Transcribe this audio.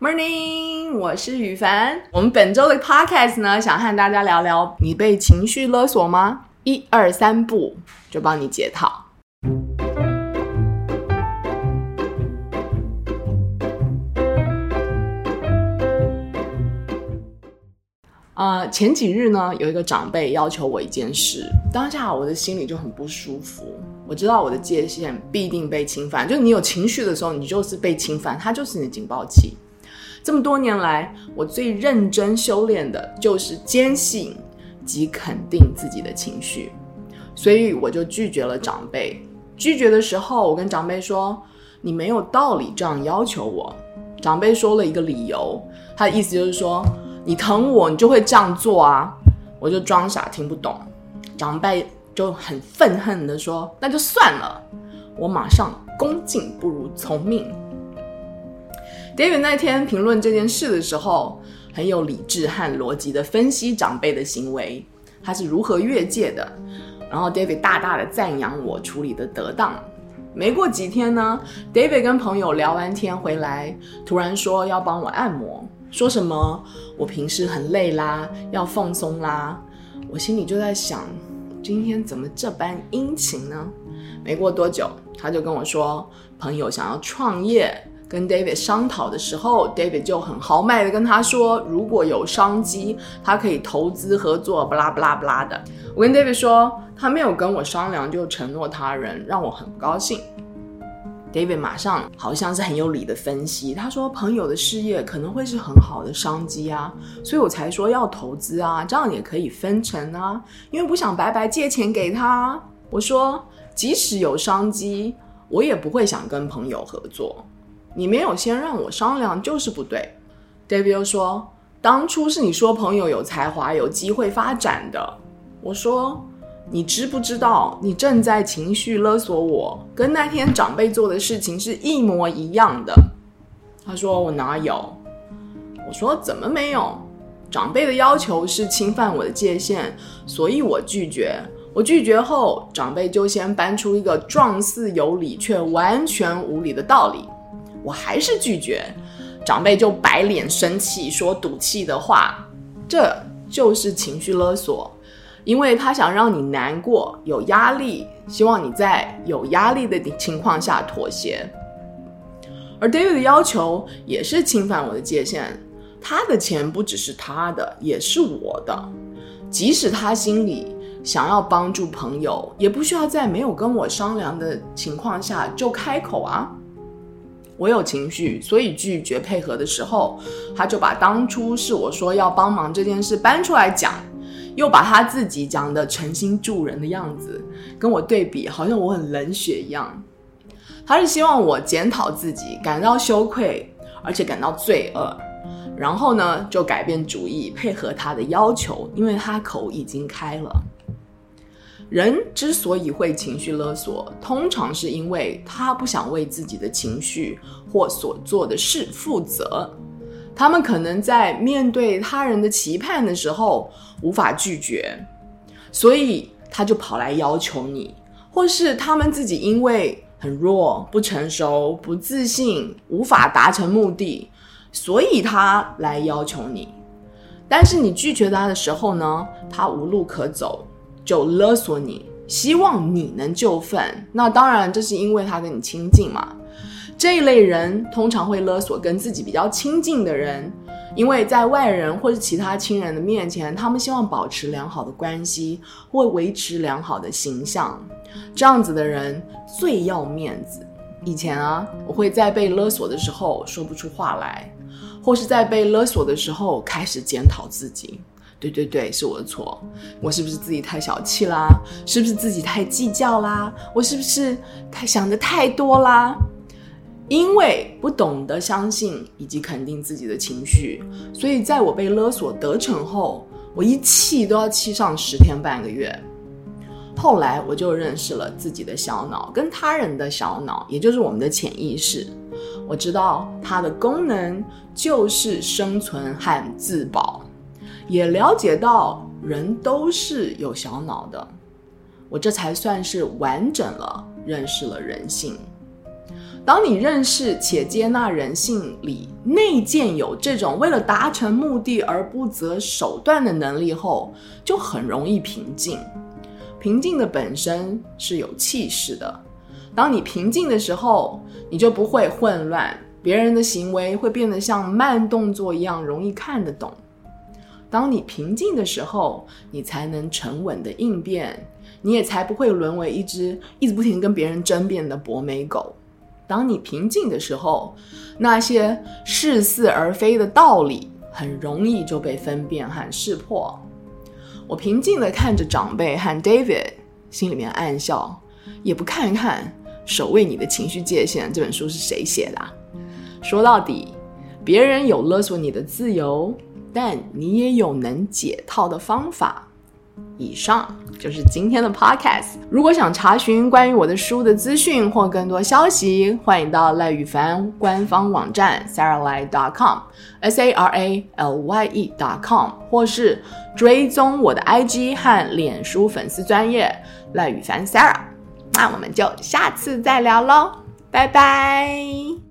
Morning，我是宇凡。我們本週的 podcast 呢，想和大家聊聊：你被情緒勒索嗎？一二三步就幫你解套。啊，前幾日呢，有一個長輩要求我一件事，當下我的心裡就很不舒服。我知道我的界限必定被侵犯，就是你有情緒的時候，你就是被侵犯，它就是你的警報器。這麼多年來，我最認真修煉的就是堅信及肯定自己的情緒，所以我就拒絕了長輩。拒絕的時候，我跟長輩說：“你沒有道理這樣要求我。”長輩說了一個理由，他的意思就是說：“你疼我，你就會這樣做啊。”我就裝傻聽不懂。長輩就很憤恨地說：“那就算了，我馬上恭敬不如從命。” David 那天評論這件事的時候，很有理智和邏輯地分析長輩的行為，他是如何越界的。然後 David 大大地讚揚我處理得得當。沒過幾天呢，David 跟朋友聊完天回來，突然說要幫我按摩，說什麼我平時很累啦，要放鬆啦。我心裡就在想，今天怎麼這般殷勤呢？沒過多久，他就跟我說朋友想要創業。跟 David 商討的時候，David 就很豪邁的跟他說：“如果有商機，他可以投資合作，巴拉巴拉巴拉的。”我跟 David 說，他沒有跟我商量就承諾他人，讓我很不高興。David 馬上好像是很有理的分析，他說：“朋友的事業可能會是很好的商機啊，所以我才說要投資啊，這樣也可以分成啊，因為不想白白借錢給他。”我說：“即使有商機，我也不會想跟朋友合作。”你沒有先讓我商量就是不對。David 說：“當初是你說朋友有才華，有機會發展的。”我說：“你知不知道你正在情緒勒索我？跟那天長輩做的事情是一模一樣的。”他說：“我哪有？”我說：“怎麼沒有？長輩的要求是侵犯我的界限，所以我拒絕。我拒絕後，長輩就先搬出一個狀似有理卻完全無理的道理。”我還是拒絕，長輩就擺臉生氣，說賭氣的話，這就是情緒勒索，因為他想讓你難過，有壓力，希望你在有壓力的情況下妥協。而 David 的要求也是侵犯我的界限，他的錢不只是他的，也是我的，即使他心裡想要幫助朋友，也不需要在沒有跟我商量的情況下就開口啊。我有情緒，所以拒絕配合的時候，他就把當初是我說要幫忙這件事搬出來講，又把他自己講得誠心助人的樣子跟我對比，好像我很冷血一樣。他是希望我檢討自己，感到羞愧，而且感到罪惡，然後呢就改變主意，配合他的要求，因為他口已經開了。人之所以會情緒勒索，通常是因為他不想為自己的情緒或所做的事負責。他們可能在面對他人的期盼的時候無法拒絕，所以他就跑來要求你；或是他們自己因為很弱、不成熟、不自信，無法達成目的，所以他來要求你。但是你拒絕他的時候呢，他無路可走。就勒索你，希望你能就範。那當然，這是因為他跟你親近嘛。這一類人通常會勒索跟自己比較親近的人，因為在外人或是其他親人的面前，他們希望保持良好的關係或維持良好的形象。這樣子的人最要面子。以前啊，我會在被勒索的時候說不出話來，或是在被勒索的時候開始檢討自己。對對對，是我的錯。我是不是自己太小氣啦？是不是自己太計較啦？我是不是太想得太多啦？因為不懂得相信以及肯定自己的情緒，所以在我被勒索得逞後，我一氣都要氣上十天半個月。後來我就認識了自己的小腦，跟他人的小腦，也就是我們的潛意識。我知道它的功能就是生存和自保。也了解到人都是有小腦的，我這才算是完整了認識了人性。當你認識且接納人性裡內建有這種為了達成目的而不擇手段的能力後，就很容易平靜。平靜的本身是有氣勢的。當你平靜的時候，你就不會混亂，別人的行為會變得像慢動作一樣，容易看得懂。當你平靜的時候，你才能沉穩的應變，你也才不會淪為一只一直不停跟別人爭辯的博美狗。當你平靜的時候，那些似是而非的道理很容易就被分辨和識破。我平靜的看着長輩和 David，心裡面暗笑，也不看一看《守衛你的情緒界限》這本書是誰寫的。說到底，別人有勒索你的自由。但你也有能解套的方法。以上就是今天的 Podcast。如果想查詢關於我的書的資訊或更多消息，歡迎到賴宇凡官方網站 saralye.com，s-a-r-a-l-y-e.com，、e. 或是追蹤我的 IG 和臉書粉絲專頁賴宇凡 Sara。那我們就下次再聊嘍，拜拜。